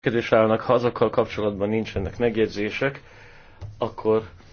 kérdés állnak, ha azokkal kapcsolatban nincsenek megjegyzések, akkor